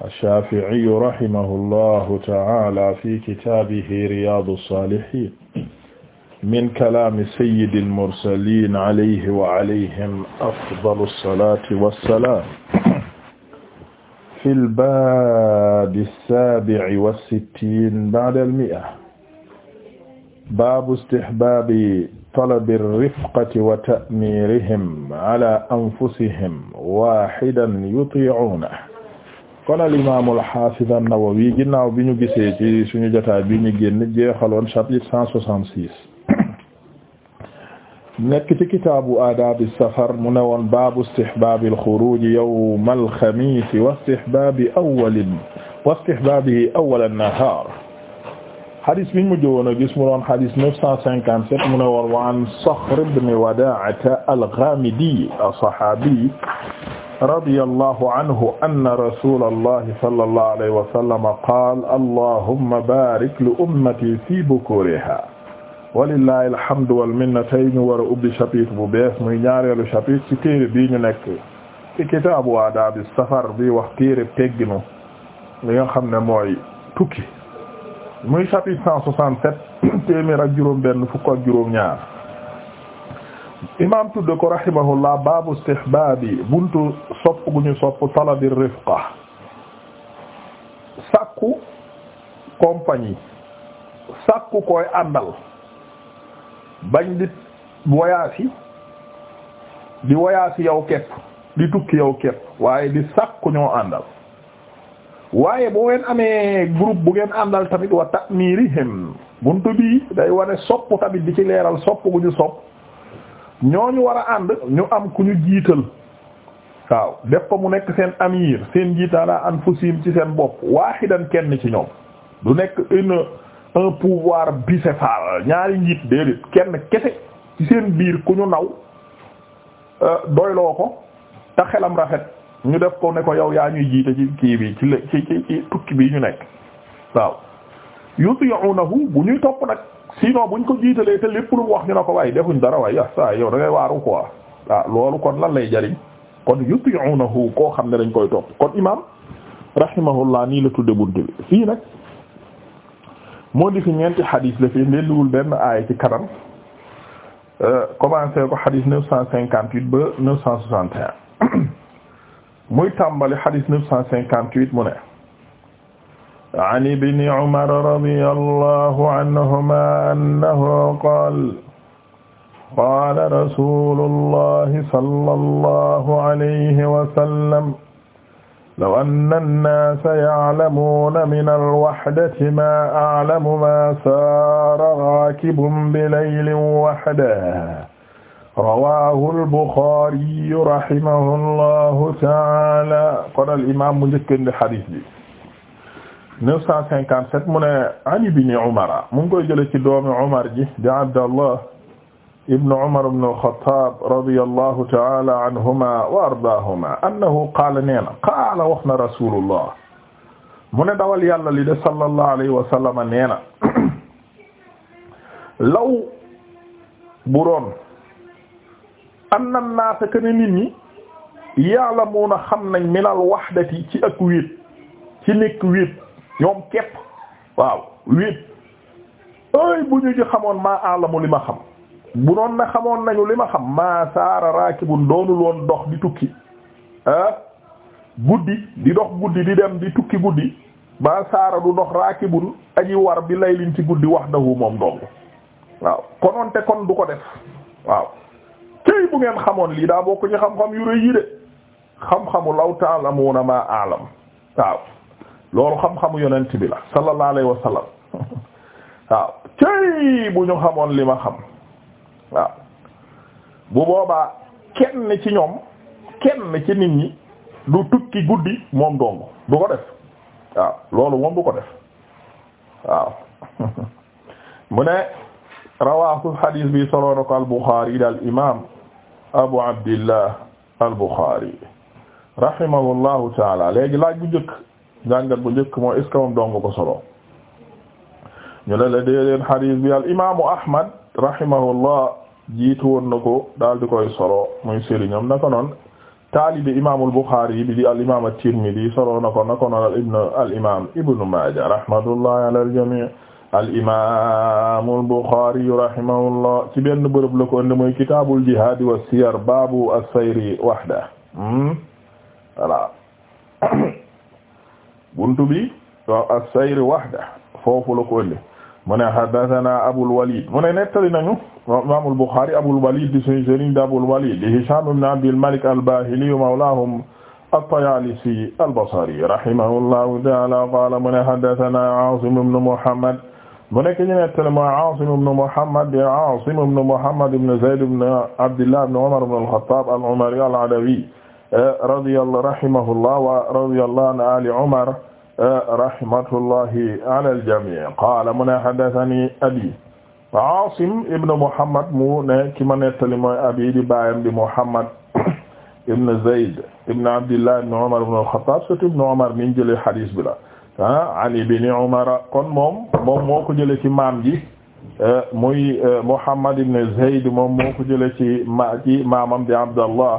ash-Shaafi'iyu rahimahullahu ta'aala fi kitaabihi Riyaadu s-Saalihiin min kalaami sayyidil mursaliin alayhi wa alayhim afdalu s-salaati wa s-salaam fil baabi s-saabi'i wa s-sittiin ba'da l-mi'a baabu istihbaabi talabi r-rifqati wa ta'miirihim alaa anfusihim waahidan yutii'uunahu kon al imaam al haafiz an-Nawawi ginnaaw bi ñu gisee ci suñu jotaay bi ñu génn jeexaloon chapitre cent soixante-six nekk ci kitaabu aadaabi safar mu ne woon baabu istihbaabi al-xuruuj yawma al-xamiis wa istihbaabi awwali wa istihbaabihi awwala an-nahaar xadis bi ñu mujj woon a gis mu doon xadis neuf cent cinquante-sept mu ne woon wa an Saxr ibn Wadaa'ata al-Ghaamidi as-sahaabi radiyallahu anhu anna rasulallahi sallallahu alayhi wa sallam qaala allahumma baarik li ummati fi bukuriha walillahi alhamdu wal minna tey ñu war a ubbi chapitre bu bees muy ñaareelu chapitre ci téere bii ñu nekk ci kitaabu aadaabi safar bi wax téere tegginu li nga xam ne mooy tukki muy chapitre cent soixante-sept téeméer ak juróom benn fukk ak juróom ñaar imaam tudde ko rahimahullah baabu istihbaabi buntu sopp gu ñu sopp talabi rifqa sakku compagnie sàkku koy àndal bañ di voyage di voyage yow kepp di tukki yow kepp waaye di sàkku ñoo àndal waaye bo ngeen amee groupe bu ngeen àndal tamit wa ta'mirihim buntu bii day wane sopp tamit di ci leeral sopp gu ñoo ñu a ànd ñu am ku ñu jiital waaw def ko mu nekk seen amir seen jiitaalaa anfusihim ci seen bopp waaxidan kenn ci ñoom du nekk une un pouvoir bicéphale ñaari njiit déedéet kenn kese ci seen biir ku ñu naw euh, doyloo ko te xelam rafet ñu def ko ne ko yow yaa ñuy jiite ci kii bi ci tukki bi ñu nekk waaw yuti'unahu bu ñuy topp nag sinon buñ ko jiitalee te lépp lu wax ñu ne ko waaye defuñ dara waaye ah saa yow da ngay ko quoi ah loolu kon lan lay jariñ kon yuti'unahu koo xam ne dañ koy topp kon imam rahimahullah nii la tudde bunt bi fii nag moo di fi ñeenti xadis la fi ndelliwul benn aaya ci kanam euh, commencé ko xadis neuf cent cinquante huit ba neuf cent soixante un muy tàmbali xadis neuf cent cinquante huit mu ne an ibni umar radiyallahu anhuma annahu qaala qaala rasuulullahi sallallahu alayhi wa sallam law anna an-naasa ya'lamuuna mina al-wahdati maa a'lamu maa saara raakibun bilaylin wahdahu rawaahu al-Buxaari rahimahu llahu ta'aala qaala al-imaam mu njëkkandi hadiis bi neuf cent cinquante sept mu ne an ibni Umar mu ngi koy jële ci doomi Umar ji di Abdallah ibn Umar ibn al-Khattab radiyallahu ta'ala anhuma wa ardaahuma annahu qaala nee na qaala wax na rasulullah mu ne dawal yàlla li de sallallahu alayhi wa sallama nee na law bu doon anna naasa kana nit ñi ya'lamuuna xam nañ minal wahdati ci ak wéet ci nekk wéet ñoom képp waaw wéet ay bu ñu ci xamoon maa alamu li ma xam bu noon na xamoon nañu li ma xam maa saara raakibun doonul woon dox di tukki ah, guddi di dox guddi di dem di tukki guddi maa saara du dox raakibun aji war bi laylin ci guddi wahdahu moom dong waaw konoon te kon du ko def waaw tey bu ngeen xamoon lii daa bokk ci xam-xam yu rëy yi de xam-xamu law ta'lamuna maa alam waaw loolu xam-xamu yonent bi la sallallahu alayhi wa waaw tey bu ñu xamoon li ma xam waaw bu boobaa kenn ci ñoom kenn ci nit ñi du tukki guddi moom dong du ko def waaw loolu moom du ko def waaw mu ne rawaahu hadis bi solo na ko al Bukhari daal imaam Abu Abdillah al Bukhari rahimahullahu taala léegi laaj bu njëkk. jàngat bu njëkk mooy est-ce que ko solo ñu ne la déedéet xadiis bi al imaamu Ahmad rahimahullah jiitu woon na ko daal koy solo muy sëriñam naka noonu taalibi imaamul Buxaari bi al imaam at-Tirmidi na ko naka noonu al ibn al imaam Ibnu Maaja rahmatullahi ala al-jamii al imaamul Buxaari rahimahullah ci benn bërëb la ko ëndi muy kitaabul jihaad wa siyar baabu as-sayri wahda hmm? buntu bi waaw as-sayr wahda foofu la ko ëndi mu ne haddathana Abul Walid mu ne nettali nañu Imam al-Bukhari Abul Walid di suñu sëriñ di Abul Walid di Hisham ibn Abdil Malik al-Bahili mawlahum at-Tayalisi al-Basri rahimahullahu ta'ala qala mu ne haddathana Asim ibn Muhammad mu nekk ñu nettali mooy Asim ibn Muhammad di Asim ibn Muhammad ibn Zayd ibn Abdillah ibn Umar ibn al-Khattab al-Umari al-Adawi eh, radiyallahu rahimahullah wa radiyallahu an ali Umar rahmatullahi ala al-jamii qaala mu ne haddathanii abii Aasim ibn Muhammad mu ne ki ma nettali mooy abii di baayam di Muhammad ibn Zayd ibn Abdillah ibn Umar ibn al-Khattaab surtout ibn Umar mi jëlee hadiis bi la ah an ibn Umar kon moom moom moo ko jëlee ci maam ji eh, muy eh, Muhammad ibn Zayd moom moo ko jëlee ci ma ci maamam di Abdallah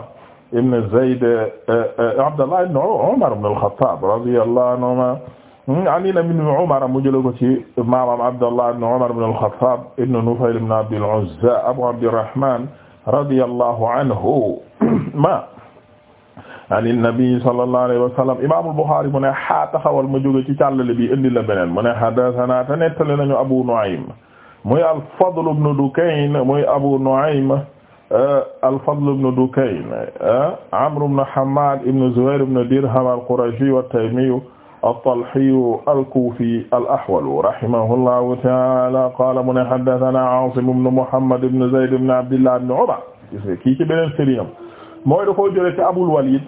ibn Zayd eh, eh, eh, Abdallah ibn Umar ibn al-Khattab radiyallahu anhuma hmm, ani na min Umar mu jële ko ci maamam Abdallah ibn Umar ibn al-Khattab ibn Nufayl ibn Abd al-Uzza Abu Abdirrahman radiyallahu anhu ma ani nabi sallallahu alayhi wa sallam imaamul Buxaari mu ne xaa taxawal ma jóge ci càllale bi indi la beneen mu ne haddasanaa te nettali nañu Abu Nu'aym muy al-Fadl ibn Dukayn muy Abu Nu'aym Euh, al-Fadl ibn Dukayn euh, Amr ibn Hammad ibn Zuhayr ibn Dirham al-Qurashi wat-Taymi at-Talhi al-Kufi al-Ahwal rahimahullahu ta'ala qala mu ne haddathana Asim ibn Muhammad ibn Zayd ibn Abdillah ibn Umar kii ci beneen sëriñam mooy da koy jële ci Abul Walid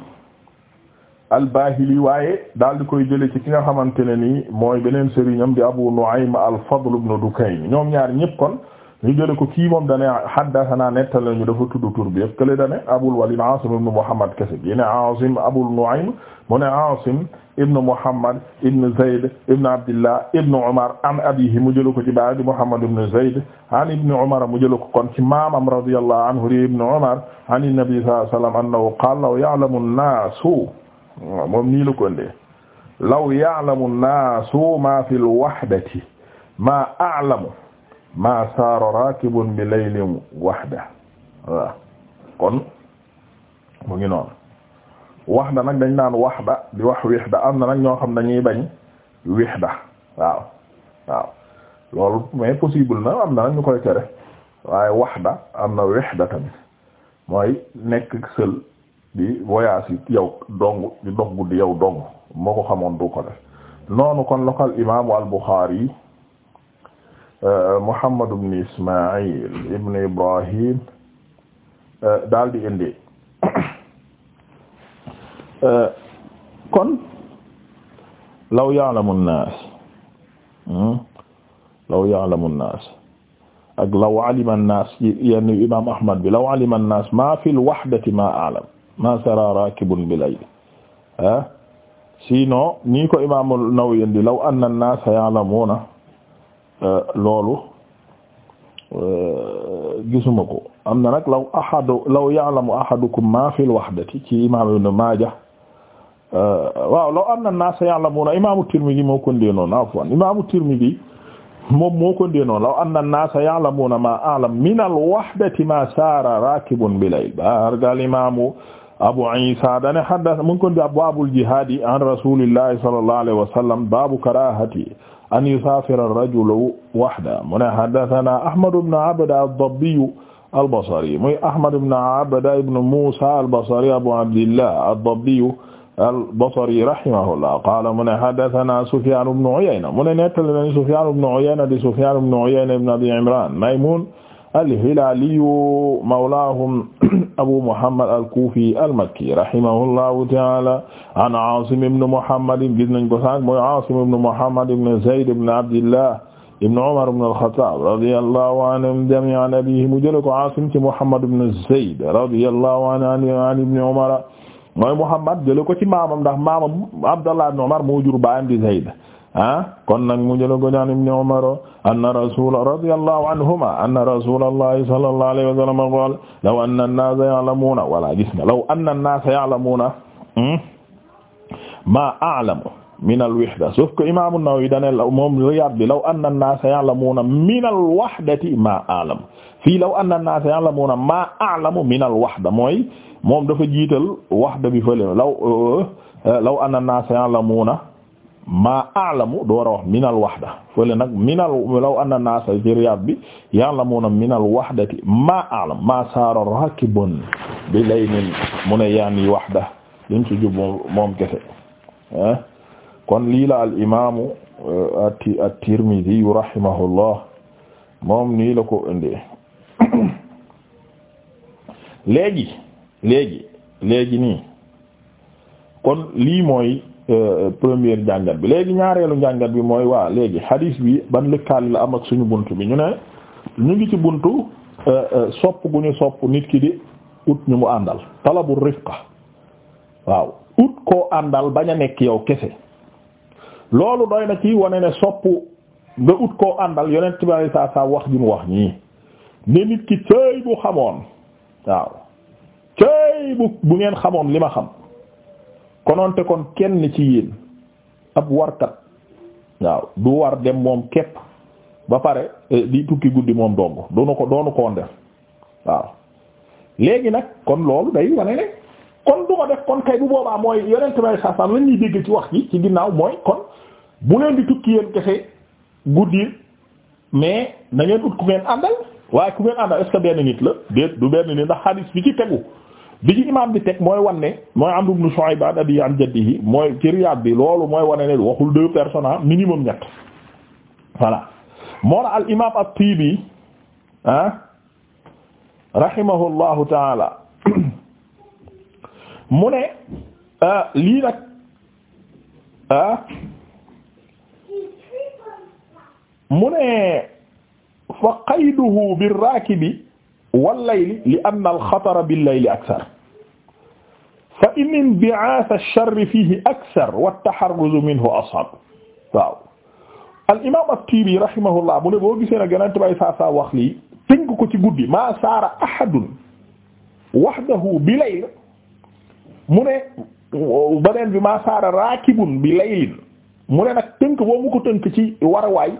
al-Bahili waaye daal di koy jële ci ki nga xamante ne nii mooy beneen sëriñam di Abu Nu'aym al-Fadl ibn Dukayn ñoom ñaar ñëpp kon ñu jële ko kii moom dane haddathana nettal nañu dafa tudd tur bi yëpp kële dane Abul Walid Asim ibn Muhammad kese bi ne Asim Abul Nu'aym mu ne Asim ibn Muhammad ibn Zayd ibn Abdillah ibn Umar an abihi mu jële ko ci baay di Muhammad ibn Zayd an ibn Umar mu jële ko kon ci maamam radiyallahu anhu di ibn Umar an nabi sallallahu alayhi wasallam annahu qaala law ya'lamu an-naasu moom nii la ko ndee law ya'lamu an-naasu ma fil wahdati ma a'lamu ma saara raakibun bi laylin wahda waaw kon mu ngi noonu wahda nag dañ naan wahda di wax wihda am na nag ñoo xam dañuy bañ wihda waaw waaw loolu mais possible na am na nag ñu koy tere waaye wahda am na wihda tamit mooy nekk seul di voyage yi yow dong di dox guddi yow dong moo ko xamoon du ko def noonu kon lokal imaamu al Bukhari Muhammad ibn Ismaïl ibn Ibrahim euh, daal di indi euh, kon law ya'lamu nnaas hmm? law ya'lamu nnaas ak law alima nnaas yenn imaam Ahmad bi law alima nnaas maa fil wahdati maa a'lam maa saraa raakibun bi layl ah sinon nii ko imaam Nawawi indi law anna nnaasa ya'lamuuna Euh, loolu euh, gisuma ko am na nag law ahadu law ya'lamu ahadukum ma fil wahdati ci imam ibn Majah euh, waaw law anna an-nasa ya'lamuna imam Tirmidhi moo ko ndee noonu afwan imam Tirmidhi moom moo ko ndee noonu law anna an-nasa ya'lamuna ma a'lam min al-wahdati ma sara rakibun bilayl bargal imamu Abu Isa dane haddath mun ko abwabul jihad an rasulillahi sallallahu alayhi wa sallam babu karahati an yusaafira ar-rajulu wahdahu mu ne haddasanaa Ahmad ibn Abda ad-Dabbi al-Basri muy Ahmad ibn Abda ibn Muusaa al-Basri Abu Abdillah ad-Dabbi al-Basri rahimahullah qaala mu ne haddasanaa Sufyaan ibn Uyayna mu ne nettali na Sufyaan ibn Uyayna di Sufyaan ibn Uyayna ibn Abi Imraan Maymuun alhilaliyu mawlaahum abu muhammad alkuufi almakki rahimahullahu taala an Aasim ibn Muhammad gis nañ ko sànq mooy Aasim ibn Muhammad ibn Zayd ibn Abdillah ibn Umar ibn al-Khattab radiyallahu anhum jamii'an abiihi mu jëlee ko Aasim ci Muhammad ibn Zayd radiyallahu anhu an ibn Umar mooy Muhammad jëlee ko ci maamam ndax maamam Abdallah ibn Umar moo jur baayam di Zayd ah kon nag mu jëla ko ñaan ibn Umar anna rasul radiyallahu anhuma anna rasulallahi sallallahu alayhi wa sallam qaala law anna an-naasa ya'lamuuna wala gis nga law anna an-naasa ya'lamuuna hmm? maa a'lamu min al-wahda sauf que imaamu Nawawi dane moom Riyaad bi law anna an-naasa ya'lamuuna min al-wahdati maa a'lamu fii law anna an-naasa ya'lamuuna maa a'lamu min al-wahda mooy moom dafa jiital wahda bi fële law euh, euh, law anna an-naasa ya'lamuuna maa a'lamu door a wax minal wahda fële nag minal law anna naasa ci riyaad bi ya'lamuuna minal wahdati maa a'lam maa saara raakibun bi laynin mu ne yaani wahda lim ci moom kese eh? kon lii la al imaamu eh, at-Tirmidhi rahimahullah moom nii la ko indee léegi léegi léegi nii kon lii mooy Euh, euh, première njàngat bi léegi ñaareelu njàngat bi mooy waa léegi hadis bi ban lëkkaali la am ak suñu bunt bi ñu ne ñu ngi ci buntu euh, sopp gu ñu sopp nit ki di ut ñu mu àndal talabu rifqa waaw ut koo àndal bañ a nekk yow kese loolu doy na ci wane ne sopp nga ut koo àndal yeneen bi saa saa wax ji mu wax ñii ne nit ki cëy bu xamoon waaw cëy bu bu ngeen xamoon li ma xam konoon te kon kenn ci yéen ab warkat waaw du war dem moom képp ba pare eh, di tukki guddi moom dong doonu ko doonu koon def waaw léegi nag kon loolu day wane ne kon du ko def kon kay bu boobaa mooy yonent bay sasam lañuy dégg ci wax ji ci ginnaaw mooy kon bu leen di tukki yéen kese guddi mais na ngeen ut ku ngeen àndal waaye ku ngeen àndal est-ce benn nit la déet du benn nit ndax hadith bi ci tegu bi ci imaam bi teg mooy wan ne mooy Amr ibn Shu'ayb an abiihi an jaddihi mooy ci Riyaad bi loolu mooy wane ne waxul deux personnes ah minimum ñett voilà moo la al imaam at-Tiibi ah rahimahullahu taala mu ne euh, lii nag ah mu ne fa qayduhu bir-raakibi wal li anna al-xatara bil-layli akthar fa in inbi'ath ash-sharr fihi akthar wa at-taharruz minhu ashab waaw al imam at-Tibi rahimahullah mu ne boo gisee nag yonent bay saa saa wax lii tënk ko ci guddi maa saara ahadun wahdahu bi layl mu ne beneen bi maa saara raakibun bi laylin mu ne nag tënk boo mu ko tënk ci warawaay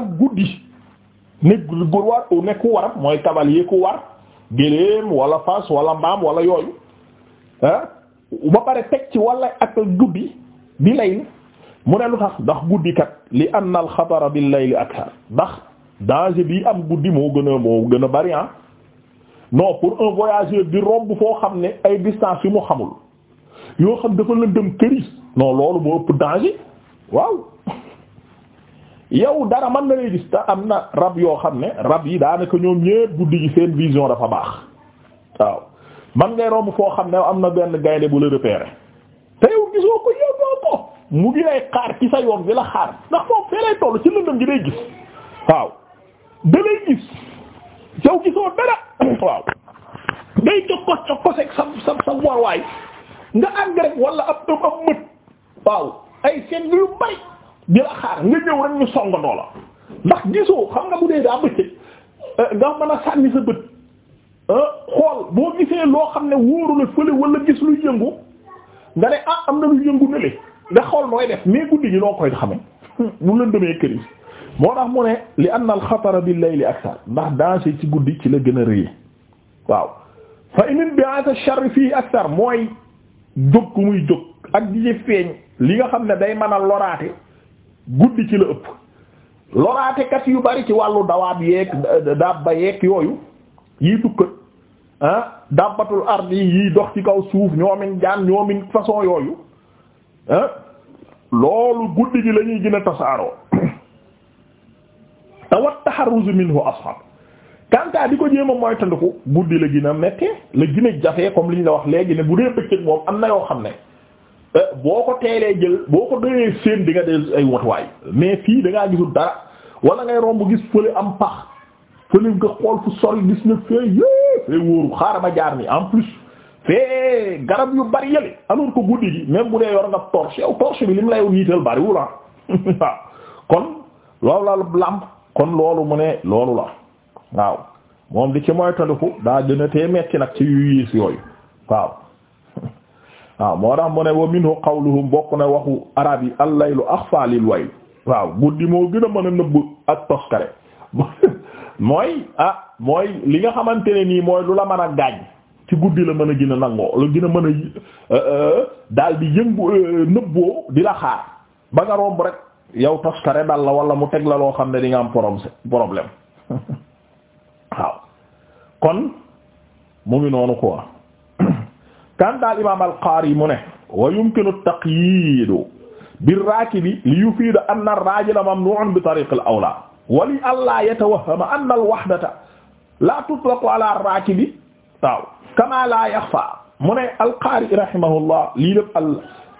ak guddi nekk gu war nekk ku waram mooy cavalier ku war géléem wala fas wala mbaam wala yooyu ah ba pare teg ci walla ak guddi bi layl mu ne lu tax ndax guddi li anna al xatara bil layl akthar ndax danger bi am guddi moo gën a moo gën a bari ah non pour un voyageur di romb foo xam ne ay distance yu mu xamul yoo xam dafa lëndëm këri non loolu moo ëpp danger waaw yow dara mën na lay gis te am na rab yoo xam ne rab yi daanaka ñoom ñépp guddi gi seen vision dafa baax waaw man ngay romb foo xam ne am na benn gaynde bu la repéré te yow gisoo ko yóbboo ko mu ngi lay xaar ci sa yoon bi la xaar ndax moom fee lay toll ci lëndëm gi day gis waaw da lay gis yow gisoo dara waaw ngay jokkoo jokkoo sa sa sa warwaay nga àgg rek wala ab ab mët waaw ay seen yu bari di la xaar nga ñëw rek ñu songandoo la ndax gisoo xam nga bu dee daa bëccëg nga mën a sànni sa bët. Euh, xool boo gisee loo xam ne wóoru la fële wala gis lu yëngu nga ne ah am na lu yëngu nële de xool nooy def mais guddi gi noo koy xamee mu lëndëmee kër moo tax mu ne li anna al xatara bil layli akthar ndax danger ci guddi ci la gën a rëy waaw fa in bi'at ash-sharr fii akthar mooy jóg ku muy jóg ak di feeñ li nga xam ne day mën a loraate guddi ci la ëpp loraatekat yu bari ci wàllu dawaab yeeg daab ba yeeg yooyu yii tukkat ah dabbatul ard yi dox ci kaw suuf ñoomin jaan ñoomin façon yooyu ah loolu guddi gi lañuy ñuy gën a tasaaroo te wat taxarruju minhu ashab kantaa di ko jéem a moytandiku guddi la gën a méttee la gën a jafee comme li ñu la wax léegi ne bu dee bëccëg moom am na yoo xam ne eh, boo ko teelee jël boo ko doyee séen di nga dee ay watuwaay mais fii da ngaa gisul dara wala ngay romb gis fële am pax fële nga xool fu sori gis na fee yée fee wóoru xaaral ma jaar mi en plus fee garab yu bari yële alors que guddi gi même bu dee yor nga torche yow torche bi lim lay niital bariwul ah waaw kon loolu la làmp kon loolu mu ne loolu la waaw moom di ci moytandiku daa gën a tee metti nag ci yu yiis yooyu waaw waaw moo tax mu ne wa minhu qawluhum bokk na waxu araab yi al laylu axfa lil wayl waaw guddi moo gën a mën a nëbb ak toskare mooy ah mooy li nga xamante ne nii mooy lu la mën a gaañ ci guddi la mën a gën a nangoo la gën a mën a euh, euh, daal di yëngu euh, nëbboo di la xaar ba nga romb rek yow toskare dal la wala mu teg la loo xam ne di nga am problème waaw kon mu ngi noonu quoi kan daal imaam al-Qaari mu ne wa yumkinu at-taqyiid bir-raakibi li yufiid anna ar-raajila mamnuu'un bi tariiq al wali allah yatawahhama anna al-wahdata la tutlaqu ala ar-rakibi waaw kama la yaxfa mu ne al-Qaari rahimahullah lii lépp al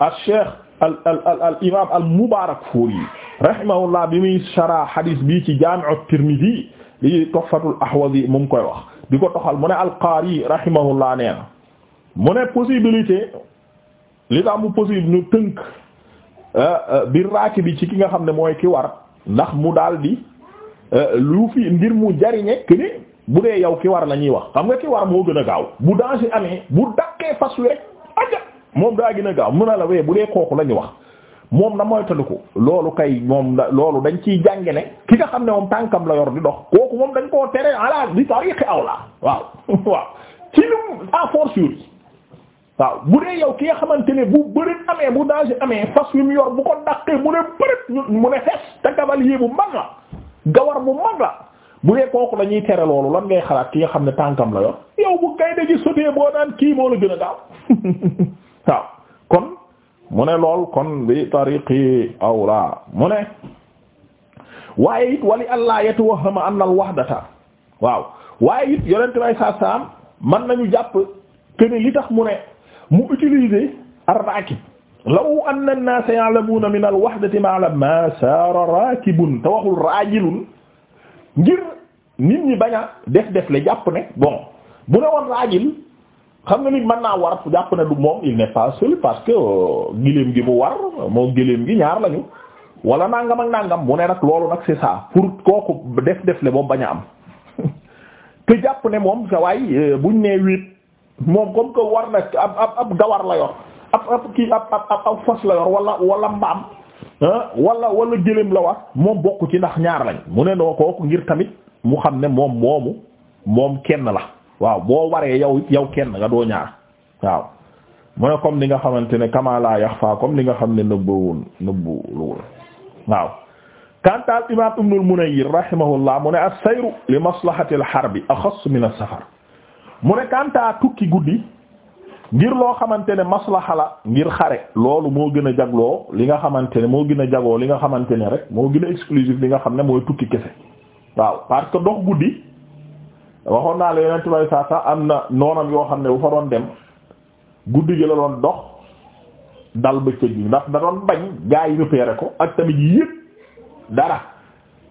al cheikh al al al imaam al Mubaarakfuuri rahimahullah bi muy shara hadis bii ci Jaami'u Tirmidi lii Tuhfatul Ahwazi mu ngi koy wax di ko toxal mu ne al-Qaari rahimahullah nee na mu ne possibilité li tax mu possible ñu tënk bi raaki bi ci ki nga xam ne mooy ki war ndax mu daal di. Euh, lu fi ngir mu jariñe que bu dee yow ki war la ñuy wax xam nga ki war moo gën a gaaw bu danger amee bu daqee fas wi rek aja moom daa gën a gaaw mun a la wee bu dee kooku la wax moom na ko loolu kay moom da loolu dañ ciy jànge ne ki nga xam ne moom tànkam la yor di dox kooku moom dañ koo tere ala di tariqi awla waaw waaw ci lu à force yooyu waaw bu dee yow ki nga xamante ne bu bëri amee bu danger amee fas wi mu yor bu ko daqee mu ne bërit mu ne xes te gabal yi mag la gawar bu mag la bu dee kooku la ñuy tere loolu lan ngay xalaat ki nga xam ne tànkam la yor yow bu kay dëgg sotee boo daan kii moo la gën a gaaw waaw kon mu ne lool kon bi tariqi awla mu ne waaye it wali allah yatawahhama anna al wahdata waaw waaye it yonent bay sa saam man nañu jàpp que ne li tax mu ne mu utiliser ar law anna an-naasa ya'lamuuna min al-wahdati ma'lam ma saara raakibun te waxul raajilun ngir nit ñi bañ a def def le jàpp ne bon bu ne woon raajil xam nga nit mën naa war jàpp ne du moom il n'est pas seul parce que euh, giléem gi mu war moo giléem gi ñaar lañu wala nangam ak nangam mu ne nag loolu nag c'est ça pour kooku def def le boobu bañ a am te jàpp ne moom sa waay euh, buñ nee wéet moom comme que war na ab ab gawar la yor. ab ab kii ab ab ab fas la yor wala wala mbaam ah, wala wala gëléem la war moom bokk ci ndax ñaar lañ mu ne noo kooku ngir tamit mu xam ne moom moomu moom kenn la waaw boo waree yow yow kenn nga doo ñaar waaw mu ne comme li nga xamante ne kama la yaxfa comme li nga xam ne nëbbuwoon nëbbuwul waaw kantaal imam ibnul munayir rahimahullah mu ne as-sayru li maslahati al-harbi axass min as-safar mu ne kantaa tukki guddi ngir loo xamante ne maslaha la ngir xare loolu moo gën a jagloo li nga xamante ne moo gën a jagoo li nga xamante ne rek moo gën a exclusif li nga xam ne mooy tukki kese waaw parce que dox guddi waxoon naa la yeneen tubaab saa saa am na noonam yoo xam ne bu fa doon dem guddi gi la doon dox dal bëccëg yi ndax da doon bañ gaa yi repérer ko ak tamit yépp dara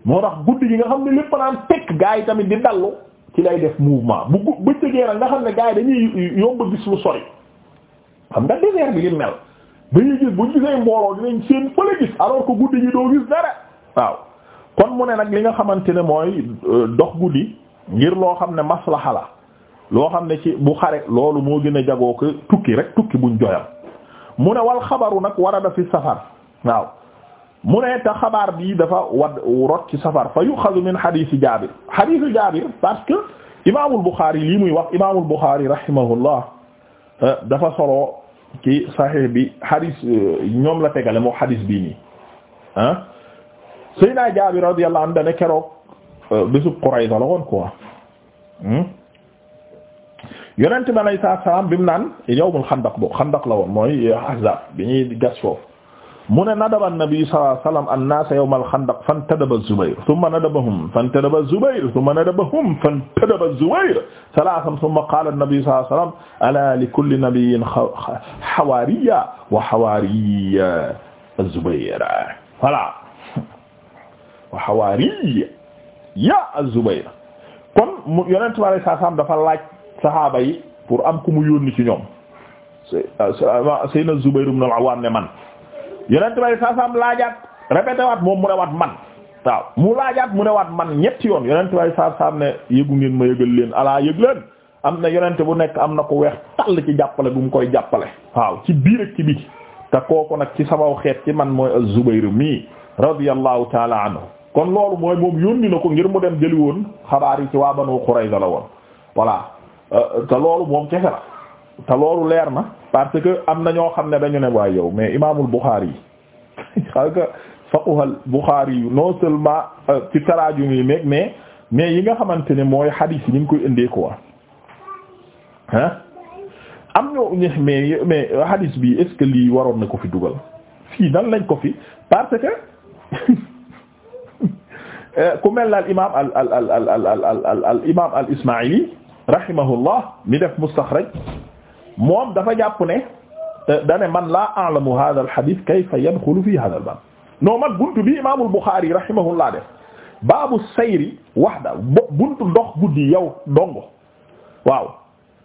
moo tax guddi gi nga xam ne lépp naan tekk gaa yi tamit di dallu ci lay def mouvement bu bëccëgee nag nga xam ne gaa yi dañuy yomb gis lu sori xam nga désert bi li mel dañuy gis buñ gisee mbooloo dinañ seen fële gis alors que guddi gi doo gis dara waaw kon mu ne nag li nga xamante ne mooy euh, dox guddi ngir loo xam ne maslaha la loo xam ne ci bu xare loolu moo gën a jagoo ko tukki rek tukki buñ joyal mu ne wal xabaru nag warada fi safar waaw mune ta te xabaar bii dafa wad rot ci safar fa yuxazu min xadiisi Jaabir xadiisu Jaabir parce que imaamul Buxaari lii muy wax imaamul Buxaari rahimahullah euh, dafa solo ci saxiix bi xadiis euh, ñoom la tegale moo xadiis bii nii ah Seydina Jaabir radiyallahu anhu dane keroog euh, bésub Qurayza la woon quoi hmm? yonent bi alayhi salaam bi mu naan yawmul xandaq bo xandaq la woon mooy ahzaab bi ñuy gas foofu mu ne nadaba nabi sallallahu alayhi wasallam annaasa yawmal xandaq fantadaba Zubayr thumma nadabahum fantadaba Zubayr thumma nadabahum fantadaba Zubayr salaasan thumma qaala nabi sallallahu alayhi wasallam alaa likulli nabiyyin xawaariyya wa xawaariyya az-Zubayr voilà wa xawaariyya az-Zubayr kon mu Yonent bi sallallahu alayhi wasallam dafa laaj saxaaba yi pour am ku mu yónni ci ñoom Seydina Zubayr ibn al-Awwaam ne man yonent bay sasam laajaat répété waat moom mu ne waat man waaw mu laajaat mu ne waat man ñetti yoon yonent bay sasam ne yëgu ngeen ma yëgal leen alaa yëg leen am na yonent bu nekk am na ko weex tàll ci jàppale bu mu koy jàppale waaw ci biir ak ci biti te kooku nag ci sabaw xeet ci man mooy az-Zubayr mi radiyallahu taala anhu kon loolu mooy moom yónni na ko ngir mu dem jëli woon xabaar yi ci waa Banu Qurayza la woon voilà euh, te loolu moom kese te loolu leer na parce que am na ñoo xam ne dañu ne waaye yow mais imaamul Bukhari yi xam nga faqihul Bukhari yu non seulement euh, ci taraajum yi meeg mais mais yi nga xamante ne mooy hadith yi ñu koy indee quoi ah am ñoo ñu mais mais hadith bi est lii waroon na ko fi dugal fii nan nañ ko fi parce que euh, ku mel na al imaam al al al al al al al imaam al ismaili mi def mustaxraj moom dafa jàpp ne dane man laa a'lamu hadha al hadith kayfa yadkhulu fi hadha al bab non man buntu bi imam al Bukhari rahimahullah def baabu sayri wahda buntu ndox guddi yow dongo waaw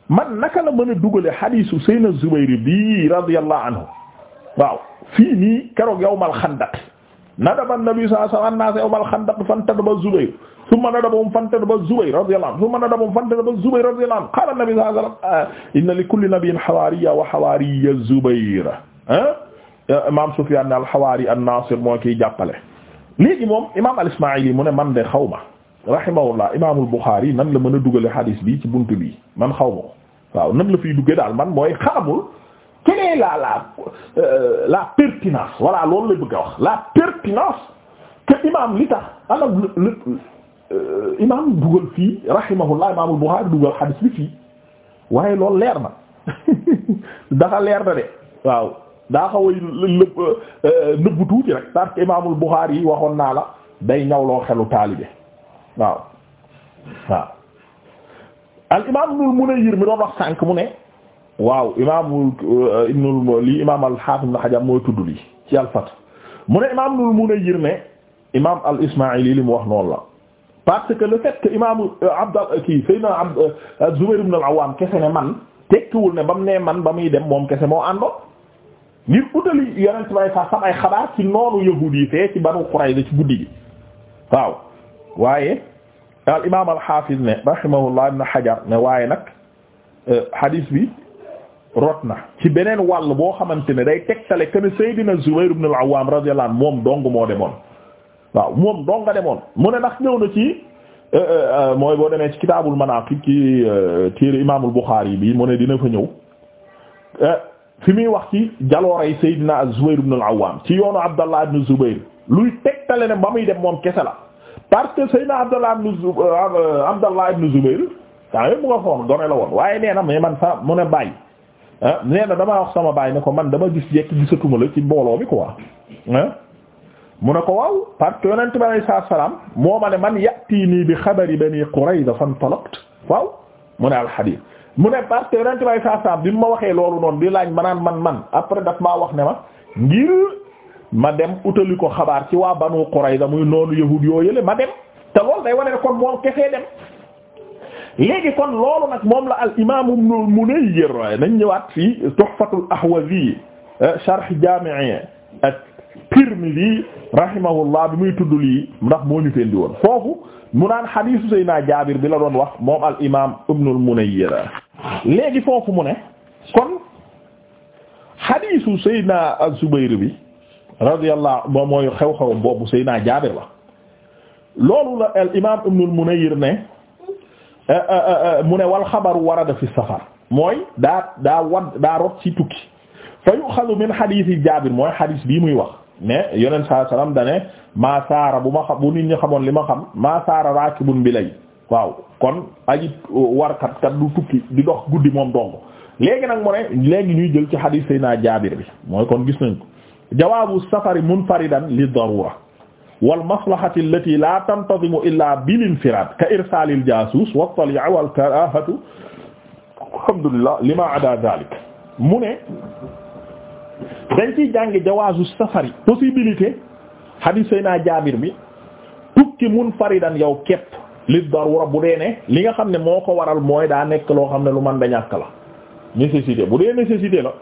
man naka la mën a dugale hadisu sayna Zubayr bi radiyallahu anhu waaw fii nii keroog yawmal xandaq nadaba nabi sallallahu alayhi wa sallam an-naas yawmal xandaq fantadaba Zubayr thumma nadabahum fantadaba Zubayr radiyallahu anhu thumma nadabahum fantadaba Zubayr radiyallahu anhu qaala nabi sallallahu alayhi wa sallam ah, inna li kulli nabiyyin xawaariyya wa xawaariyya Zubayr ah imaam Sufyaan al-Xawaari an-Naasir moo kiy jàppale. léegi moom imaam al-Ismaa'ili mu ne man de xaw ma rahimahullah imaamul Buxaari nan la mën a dugale xadiis bi ci buntu bi man xaw ma ko waaw nan la fiy duggee daal man mooy xaamul. mooy la la euh, la pertinence voilà loolu la wax la pertinence que imam li tax anam euh, imam dugal fii rahimahullah imam al-Bukhari dugal xadis bi fii waaye loolu leer na dafa leer na de waaw daa xaw a lëb euh, nëbbu tuuti rek parce al-Bukhari yi waxoon naa la day ñaw loo xelu taalibe waaw waaw al imam Ibnul Munayyir mi doon wax sànq mu ne waaw imaam euh, ibnul li imaam al-Hafiz ibn Hajar mooy tudd li ci al-Fath mu ne imaam Ibnul Munayir ne imaam al-Ismaa'ili li mu wax noonu la parce que la fait que imaam euh, Abd euh, kii Seydina Abd az-Zubayr ibn al-Awwam kese ne man tekkiwul ne ba mu man ba muy dem moom kese moo àndoon ngir utali yeneen tubaab yi sax ci Qurayza ci guddi gi waaw waaye al imaam al-Hafiz ne rahimahullah ibn Hajar ne waaye nag hadith bi. rot na ci beneen wàll boo xamante ne day tegtale que ne Seydina Zubayr ibn al-Awwam radiyallahu moom dong moo demoon waaw moom dong nga demoon mu ne ndax ñëw na ci euh, euh, euh, mooy boo demee ci kitaabul Manaqib ci téere Imaamul Buxaari bi mu ne dina fa ñëw fi muy wax ci jalooray Seydina Zubayr ibn al-Awwam ci yoonu Abdallah ibn Zubayr luy tegtale ne ba muy dem moom kese la parce que Seydina Abdallah ibn Abdallah ibn Zubayr temps yëpp mu nga foon gone la woon waaye nee man sa mu ne bàyyi. ah nee na damaa wax sama baay ne ko man dama gis jekk gisatuma la ci mbooloo bi quoi ah mu ne ko waaw parce que yonent bi alayhi salaam moo ma ne man ya'tiini bi xabari bani Qurayza fantalaqtu waaw mu ne alxadiis mu ne parce que yonent bi alayhi salaam bi mu ma waxee loolu noonu di laaj ma naan man man après daf maa wax ne ma ngir ma dem utali ko xabaar ci waa banu Qurayza muy noonu yahuud yoo yële ma dem te loolu day wane ne kon moom kefee dem. léegi kon loolu nag moom la al imaam Ibnul Munayyir nañ ñëwaat fii Tuhfatul Ahwazi sharh Jaami' at-Tirmidhi rahimahullah bi muy tudd lii ndax moo ñu fendi woon foofu mu naan hadiisu Seydina Jaabir bi la doon wax moom al imaam Ibnul Munayyir léegi foofu mu ne kon hadiisu Seydina Az-Zubayr bi radiyallahu moom mooy xew-xew boobu Seydina Jaabir la loolu la al imaam ne. Euh, euh, euh, mu ne wal xabaru warada fi safar mooy daa daa wad daa rot ci tukki fa yuxazu min xadiisi jaabir mooy xadiis bii muy wax ne yonent saa salaam da maa saara bu ma xam bu nit ñi xamoon li ma xam maa saara raakibun bi lay waaw kon aji uh, warkat kat du tukki di dox guddi moom dong léegi nag mu ne léegi ñuy jël ci xadiis naa jaabir bi mooy kon gis nañ ko jawaabu safari munfaridan li darura wal maslahati allati la tantazimu illa bil infirad ka irsalil jasus wa tali'a wal karahatu alhamdulillah lima ada zalik mu ne dañ ciy jànge jawaazu safari possibilité hadis sayna jaabir bi tukki munfaridan yow képp li darura bu dee ne li nga xam ne moo ko waral mooy daa nekk loo xam ne lu man da ñàkk la nécessité bu dee nécessité la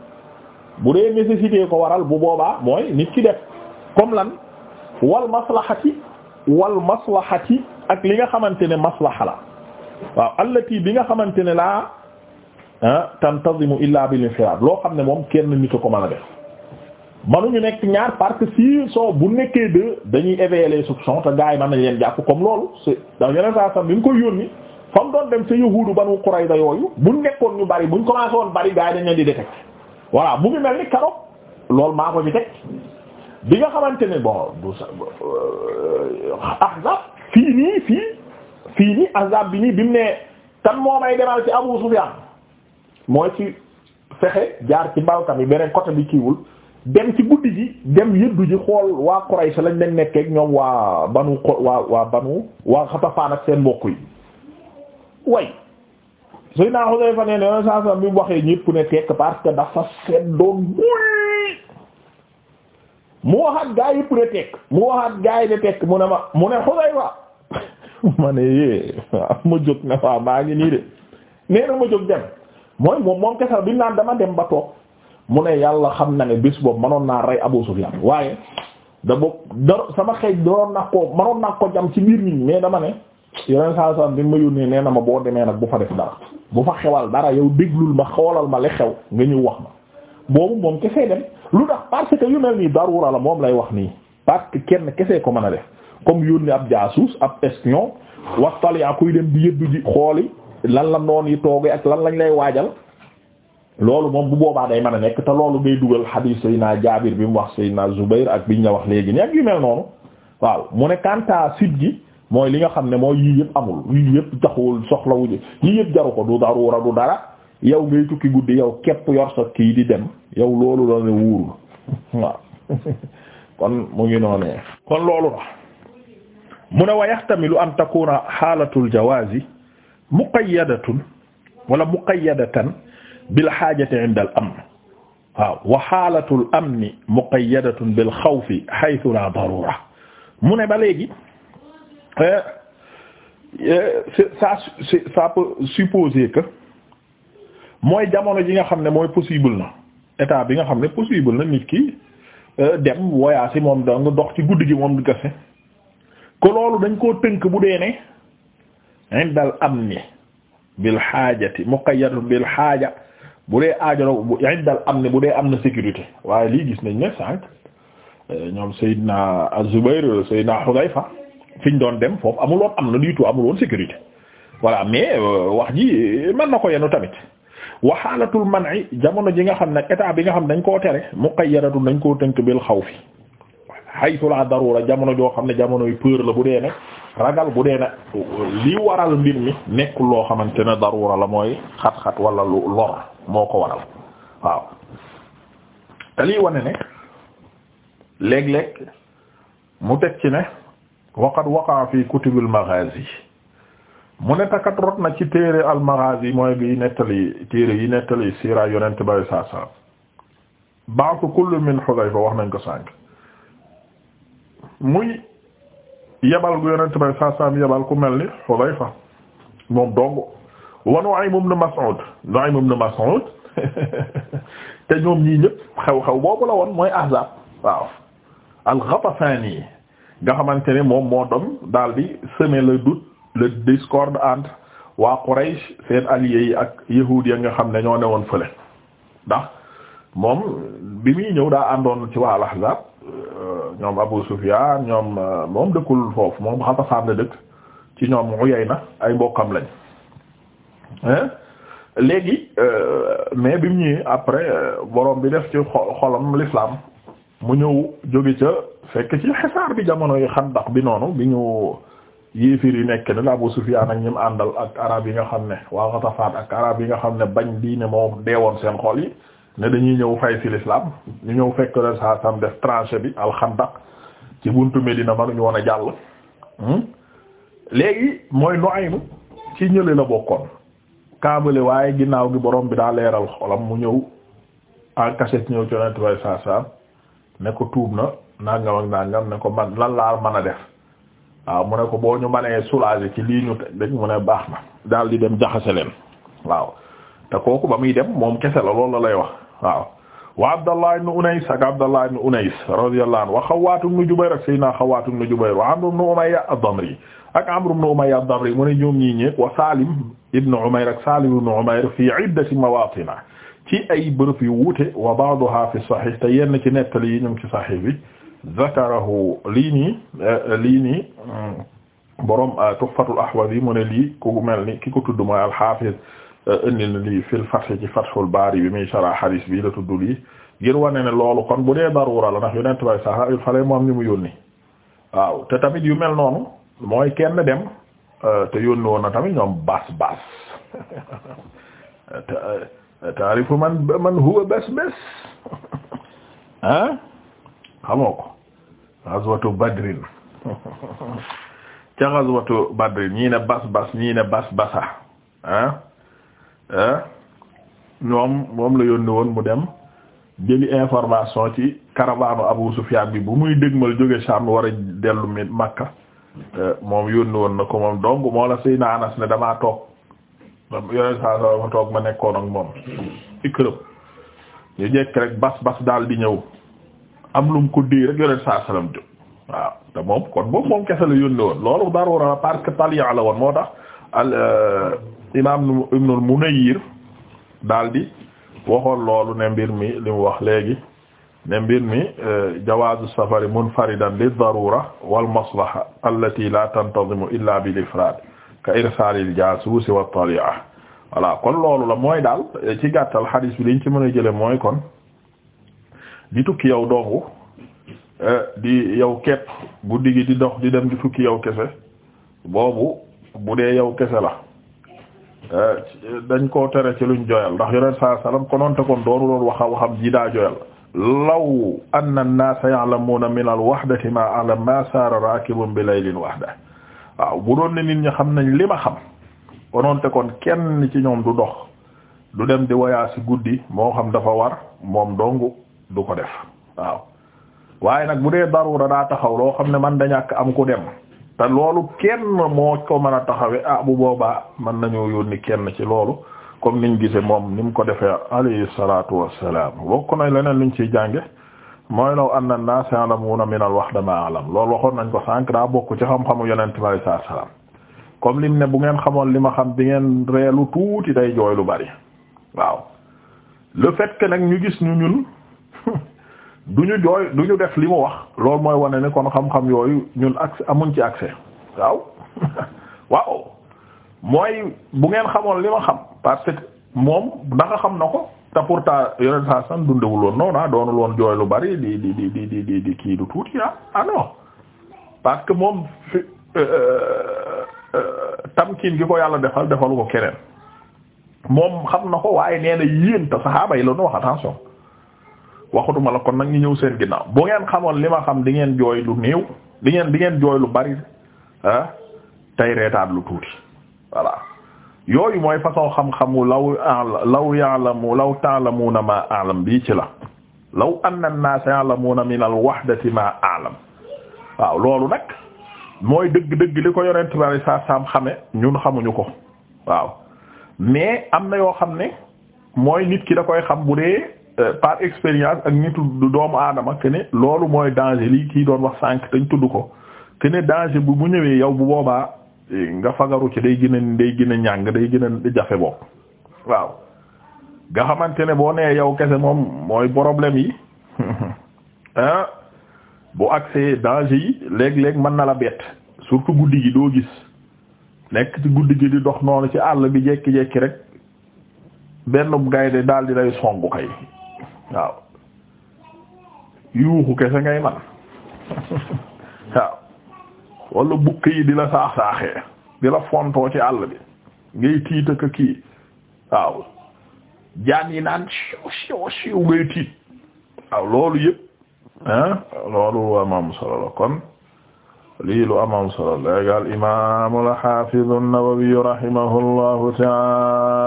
bu dee nécessité ko waral bu boobaa mooy nit ki def comme lan wal maslahati wal maslahati ak li nga xamante ne maslaha la waaw allati bi nga xamante ne laa tantazimu illa bil infirad loo xam ne moom kenn nit a ko man a def manuñu nekk ñaar parce que si soo bu nekkee deux dañuy éveiller les soupçons man gars yi nañ leen jàpp comme loolu c'est dax yeneen saa sam li ñu koy yónni fa mu doon dem sa yahuudu banu Qurayza yooyu buñ nekkoon ñu bari buñ commencé woon bari gars yi dañ leen di détecter voilà mu mel ni keroog loolu maa ko bi nga xamante ne bon du sa euh, ahzab fii nii fii fii nii ahzab bi nii bi mu ne kan moo may demal ci Abu Sufyan mooy ci fexe jaar ci mbalka bi beneen côté bi kiiwul dem ci guddi ji dem yëddu ji xool waa Quraysh lañ leen nekkeek ñoom waa banu waa waa banu waa Xatafaan ak seen mbokk yi way Seydina Hudayfa ne ne saa saa bi mu waxee ñépp ne tekk parce que dafa seet doon mu waxaat gaa yëpp ne tekk mu waxaat gaa yi ne tekk mu ne ma mu ne Xudayfa ma ne ma jóg ne waaw maa ngi nii de nee ma jóg dem mooy moom moom kese bi naan dama dem ba toog mu ne yàlla xam na ne bés boobu manoon naa rey Abu Sufyan waaye da boobu sama xeej doon na ko manoon naa ko ci biir nit dama ne yeneen saa saa bi ma yónnee nee na ma boo demee nag bu fa bu fa xewal dara yow déglul ma xoolal ma li xew nga ñëw wax ma boobu moom kese dem. lu tax parce que yu mel nii darura la moom lay wax nii parce que kenn kesee ko mën a def comme yónni ab jaasuus ab espion waxtali ak kuy dem bi yëddu ji xooli lan la noon yi toogee ak lan lañ lay waajal loolu moom bu boobaa day mën a nekk te loolu day dugal xadiis naa Jaabir bi mu wax Seydina Zubayr ak biñ la wax léegi nii ak yu mel noonu waaw mu ne kanta sit gi mooy li nga xam ne mooy yii yëpp amul yii yëpp taxul soxlawu ji yii yëpp jaru ko du dara yow ngay tukki guddi yow képp yor sa kii di dem yow loolu la ne kon mu ngi noonee kon loolu la mu ne wa yaxtamilu an takuna xaalatul jawaazi muqayyadatun wala muqayyadatan bil xaajati inda al amn waaw wa xaalatul amni muqayyadatun bil xawfi xaytu la darura mu ne ba léegi eh, eh, ça mooy jamono ji nga xam ne mooy possible na état bi nga xam ne possible na nit ki euh, dem voyage yi moom da dox ci guddi gi moom di gase ko loolu dañ koo tënk bu dee ne indal am ni bil xaajati muqayyad bil xaaja bu dee aajo indal am ni bu dee am na sécurité waaye lii gis nañ ne sànq euh, ñoom Seydina Az-Zubayr Seydina fa fiñ doon dem foofu amuloon am na du tout amuloon sécurité voilà mais euh, wax ji mën na ko yenu tamit wa xaalatul man'i jamono ji nga xam nag état bi nga xam ne dañ koo tere muqayyadatu dañ koo tënk bil xaw fi haythu la darura jamono joo xam ne jamonoy peur la bu dee ne ragal bu dee ne li waral mbir mi nekkul loo xamante ne darura la mooy xat-xat wala lu lor moo ko waral waaw te lii wane ne léeg-léeg mu teg ci ne waqad waqa'a fi kutubil maghazi mu ne takat rot na ci téere al-Maghazi mooy bi nettali téere yi nettali siira yonent bari saa saa ba'tu kullu min Hudayfa wax nañ ko sànq muy yebal gu yonent bari saa yebal ku mel ni Hudayfa moom dong wa Nu'aym ibn Mas'ud Nu'aym ibn Mas'ud te ñoom ñii ñëpp xew-xew boobu la woon mooy Ahzab waaw al-Ghatafani nga xamante ne moom moo doon daal di semer la doute le discorde entre waa Quraysh seen alliés yi ak yahuud ya nga xam ne ñoo woon fële ndax moom bi muy ñëw daa àndoon ci waa al-Ahzab euh, ñoom Abu Sufyan ñoom euh, moom dëkkul foofu moom xam Xatafaan la dëkk ci ñoom na ay mbokkam lañ léegi euh, mais bi mu ñëwee après borom bi def ci xolam lislaam mu ñëw jóge ca fekk ci xisaar bi jamono yi xam Xandaq bi noonu bi ñu yéeféer yi nekk na la Abu Sufyaan ak ñim àndal ak arab yi nga xam ne waa Ghatafaan ak araab yi nga xam ne bañ diine moo deewoon seen xol yi ne dañuy ñëw fay ci l'islam ñu ñëw fekk leen saa sam def tranché bi alxandaq ci buntu Medina mënuñu woon a jàll hmm? léegi mooy Nuaym ci ñële la bokkoon kaabale waaye ginnaaw gi borom bi daa leeral xolam mu ñëw en cachette ñëw ci Yonent bi saa ne ko tuub na nangam ak nangam ne ko man lan laa mën a def waaw mu ne ko boo ñu mënee soulager ci lii ñu dañ mu ne baax na daal di dem jaxase leen waaw te kooku ba muy dem moom kese la loolu la lay wax waaw wa Abdallah ibn Unays ak Abdallah ibn Unays radiyallahu anhu wa Xawaatu ibn Jubayr ak Seydina Xawaatu ibn Jubayr wa Amru ibn Umayya ad-Damri ak Amru ibn Umayya ad-Damri mu ne ñoom ñii ñëpp wa Salim ibn Umayr ak Salim ibn Umayr fi iddati mawaatina ci ay bërëb yu wuute wa ba'duha fi sahih te yenn ci nettali yi ñu ngi ci sahih bi zakarahu lii nii eh, lii nii mm, borom eh, tuhfatul ahwazi mu lii ku mel ni ki ko tudd mooy al-hafiz eh, indi lii fil fath ci fathul bari bi muy sharh hadis bi la tudd lii ngir wane ne loolu kon bu dee darura la ndax yonent bay sax il fallait mu am ñu mu yónni waaw te tamit yu mel noonu mooy kenn dem te yónni woon tamit ñoom bas bas taarifu man man huwa bas bas ah xamoo ko ghazwatu badrin ca ghazwatu badrin ñii ne bas bas ñii ne bas basa ah ah moom la yónni woon mu dem jëli information ci caravane Abu Sufyan bi bu muy dégmal jóge Sham war a dellu mi Makka euh, moom yónni woon na ko moom dong moo la sëy na ne damaa toog yore saa saa ma toog ma nekkoon ak moom ci këram ñu jekk rek bas bas daal di ñëw am lu mu ko déy rek yonent saa salaam jóg waaw te moom kon boobu moom kese la yónnee woon loolu darura la parce que taliya la woon moo tax al euh, imaam Ibnul Munayyir daal di waxoon loolu ne mbir mi li mu wax léegi ne mbir mi euh, jawaazu safari munfaridan li darura wal maslaha allati la tantazimu illa bil ifrad ka irsalil jaasuus wa taliya voilà kon loolu la mooy daal ci gàttal xadiis bi liñ ci mën a jële mooy kon di tukki yow dongu eh, di yow ket guddi gi di dox di dem di tukki yow kese boobu bu dee yow kese la eh, dañ koo tere ci luñ joyal ndax yoneen saa salaam kononte kon doonu loon waxa waxam ji daa joyal law anna an-naasa ya'lamuuna min al-wahdati maa a'lam maa saara raakibun bi laylin wahda waaw bu doon ne nit ñi xam nañ li ma xam kononte kon kenn ci ñoom du dox du dem di si guddi moo xam dafa war moom dongu du ko def waaw waaye nag bu dee darura daa taxaw loo xam ne man da ñàkk am ku dem te loolu kenn moo ko mën a taxawee ah bu boobaa mën nañoo yónni kenn ci loolu comme niñ gise moom ni mu ko defee alayhi salatu wassalam bokk na leneen luñ ciy jànge mooy law anna an-nas ya'lamuna min al-wahda ma alam lool waxoon nañ ko sànq daa bokk ci xam-xamu yonent bi alayhi salaatu salaam comme lim ne bu ngeen xamoon li ma xam bi ngeen reelu tuuti day jooy lu bari waaw le fait que nag du ñu jooy du ñu def li mu wax loolu mooy wane ne kon xam-xam yooyu ñun accès amuñ ci accès waaw waaw mooy bu ngeen xamoon li ma xam parce que moom naka xam na ko te pourtant yeneen saa san dundewul woon noonu ah doonul jooy lu bari di di di di di kii du tuuti ah ah parce que moom fi euh, euh, euh, tamkin gi ko yàlla defal defalu ko keneen moom xam na ko waaye nee na yéen te saxaaba yi la ñu wax attention. waxatuma la kon nag ñu ñëw seen ginnaaw bu ngeen xamoon li ma xam di ngeen jooy lu néew li ngeen di ngeen jooy lu bari ah tey reetaan lu tuuti voilà yooyu mooy façon xam-xamu law law ya'lamu law ta'lamuna ma a'lam bii ci la law anna an-nas ya'lamuna min al-wahdati ma a'lam waaw loolu nag mooy dëgg-dëgg li ko yonent bari saa saam xame ñun xamuñu ko waaw mais am na yoo xam ne mooy nit ki da koy xam bu dee Euh, par expérience ak ñi tudd doomu aadama que loolu mooy danger li kii doon wax sànq dañ tudd ko que ne danger bu bu ñëwee yow bu boobaa eh, nga fagaru ci day gën a day gën ñàng day gën a jafe bopp waaw nga xamante ne boo nee yow kese moom mooy problème yi ah bu accès danger yi léeg-léeg mën na la bett surtout guddi gi doo gis nekk ci guddi gi di dox noonu ci àll bi jekki-jekki rek benn gaynde daal di lay songu kay waaw yuuxu kese ngay man waaw wala bukk yi di la saax saaxee di la fontoo ci àll bi ngay tiit ak kii waaw jaan yi naan siw ngay tiit waaw loolu yëpp ah loolu amam solo kon lii lu amam solo imaam al haafiz an-Nawawi rahimahullahu